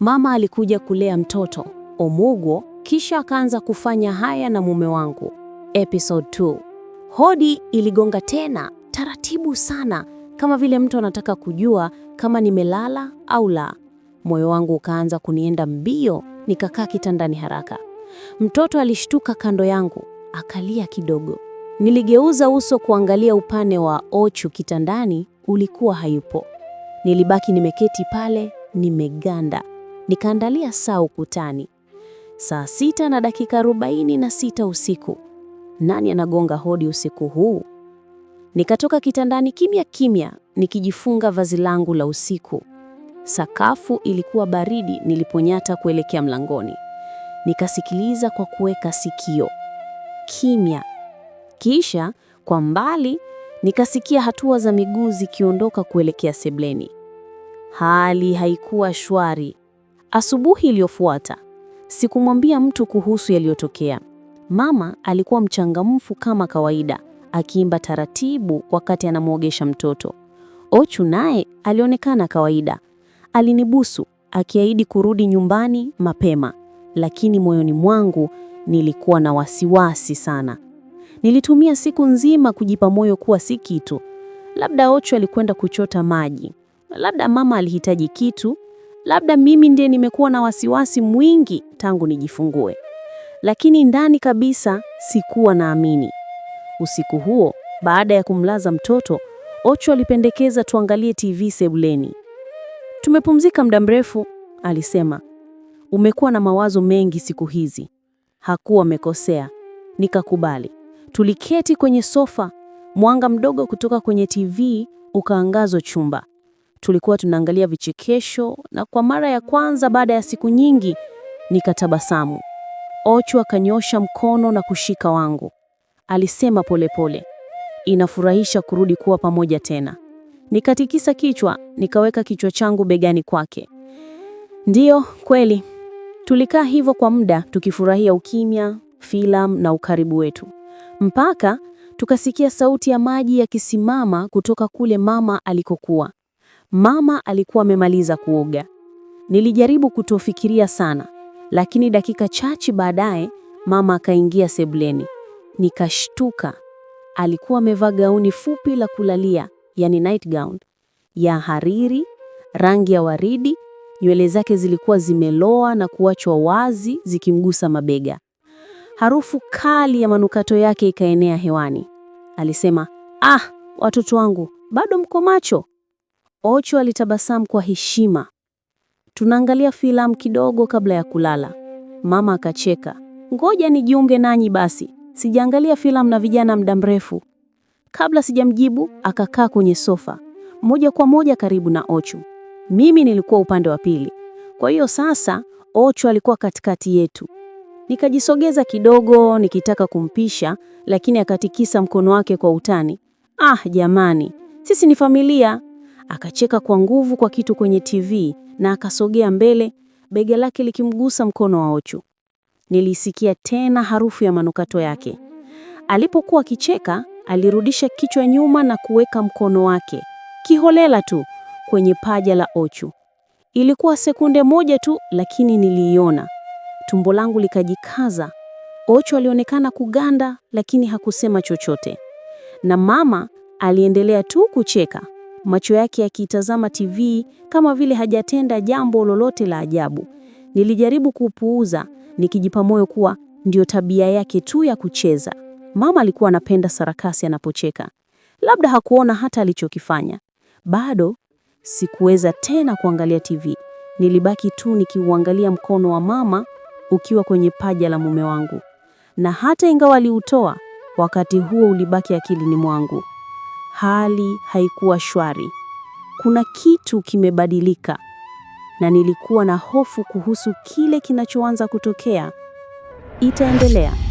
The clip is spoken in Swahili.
Mama alikuja kulea mtoto Omugwo, kisha akaanza kufanya haya na mume wangu. Episode 2. Hodi iligonga tena taratibu sana, kama vile mtu anataka kujua kama nimelala au la. Moyo wangu ukaanza kunienda mbio, nikakaa kitandani haraka. Mtoto alishtuka kando yangu, akalia kidogo. Niligeuza uso kuangalia upande wa Ochu kitandani, ulikuwa hayupo. Nilibaki nimeketi pale nimeganda nikaandalia saa ukutani, saa sita na dakika arobaini na sita usiku. Nani anagonga hodi usiku huu? Nikatoka kitandani kimya kimya, nikijifunga vazi langu la usiku. Sakafu ilikuwa baridi niliponyata kuelekea mlangoni. Nikasikiliza kwa kuweka sikio, kimya. Kisha kwa mbali nikasikia hatua za miguu zikiondoka kuelekea sebleni. Hali haikuwa shwari. Asubuhi iliyofuata sikumwambia mtu kuhusu yaliyotokea. Mama alikuwa mchangamfu kama kawaida, akiimba taratibu wakati anamwogesha mtoto. Ochu naye alionekana kawaida. Alinibusu akiahidi kurudi nyumbani mapema, lakini moyoni mwangu nilikuwa na wasiwasi sana. Nilitumia siku nzima kujipa moyo kuwa si kitu. Labda Ochu alikwenda kuchota maji, labda mama alihitaji kitu Labda mimi ndiye nimekuwa na wasiwasi mwingi tangu nijifungue, lakini ndani kabisa sikuwa naamini. Usiku huo baada ya kumlaza mtoto, Ocho alipendekeza tuangalie TV sebuleni. Tumepumzika muda mrefu, alisema. Umekuwa na mawazo mengi siku hizi. Hakuwa amekosea. Nikakubali. Tuliketi kwenye sofa, mwanga mdogo kutoka kwenye TV ukaangazwa chumba tulikuwa tunaangalia vichekesho, na kwa mara ya kwanza baada ya siku nyingi nikatabasamu. Ochu akanyosha mkono na kushika wangu. Alisema polepole, inafurahisha kurudi kuwa pamoja tena. Nikatikisa kichwa, nikaweka kichwa changu begani kwake. Ndiyo kweli, tulikaa hivyo kwa muda tukifurahia ukimya, filamu na ukaribu wetu, mpaka tukasikia sauti ya maji yakisimama kutoka kule mama alikokuwa. Mama alikuwa amemaliza kuoga. Nilijaribu kutofikiria sana, lakini dakika chache baadaye mama akaingia sebuleni. Nikashtuka. Alikuwa amevaa gauni fupi la kulalia, yani nightgown ya hariri, rangi ya waridi. Nywele zake zilikuwa zimeloa na kuachwa wazi zikimgusa mabega. Harufu kali ya manukato yake ikaenea hewani. Alisema, ah, watoto wangu bado mko macho? Ocho alitabasamu kwa heshima. Tunaangalia filamu kidogo kabla ya kulala. Mama akacheka. Ngoja nijiunge nanyi basi, sijaangalia filamu na vijana muda mrefu. Kabla sijamjibu, akakaa kwenye sofa moja kwa moja karibu na Ochu. Mimi nilikuwa upande wa pili, kwa hiyo sasa Ochu alikuwa katikati yetu. Nikajisogeza kidogo nikitaka kumpisha, lakini akatikisa mkono wake kwa utani. Ah jamani, sisi ni familia, Akacheka kwa nguvu kwa kitu kwenye TV na akasogea mbele, bega lake likimgusa mkono wa Ochu. Nilisikia tena harufu ya manukato yake. Alipokuwa akicheka, alirudisha kichwa nyuma na kuweka mkono wake kiholela tu kwenye paja la Ochu. Ilikuwa sekunde moja tu, lakini niliiona. Tumbo langu likajikaza. Ochu alionekana kuganda, lakini hakusema chochote, na mama aliendelea tu kucheka macho yake yakitazama TV kama vile hajatenda jambo lolote la ajabu. Nilijaribu kuupuuza nikijipa moyo kuwa ndio tabia yake tu ya kucheza. Mama alikuwa anapenda sarakasi anapocheka, labda hakuona hata alichokifanya. Bado sikuweza tena kuangalia TV. Nilibaki tu nikiuangalia mkono wa mama ukiwa kwenye paja la mume wangu, na hata ingawa aliutoa, wakati huo ulibaki akilini mwangu hali haikuwa shwari. Kuna kitu kimebadilika, na nilikuwa na hofu kuhusu kile kinachoanza kutokea. Itaendelea.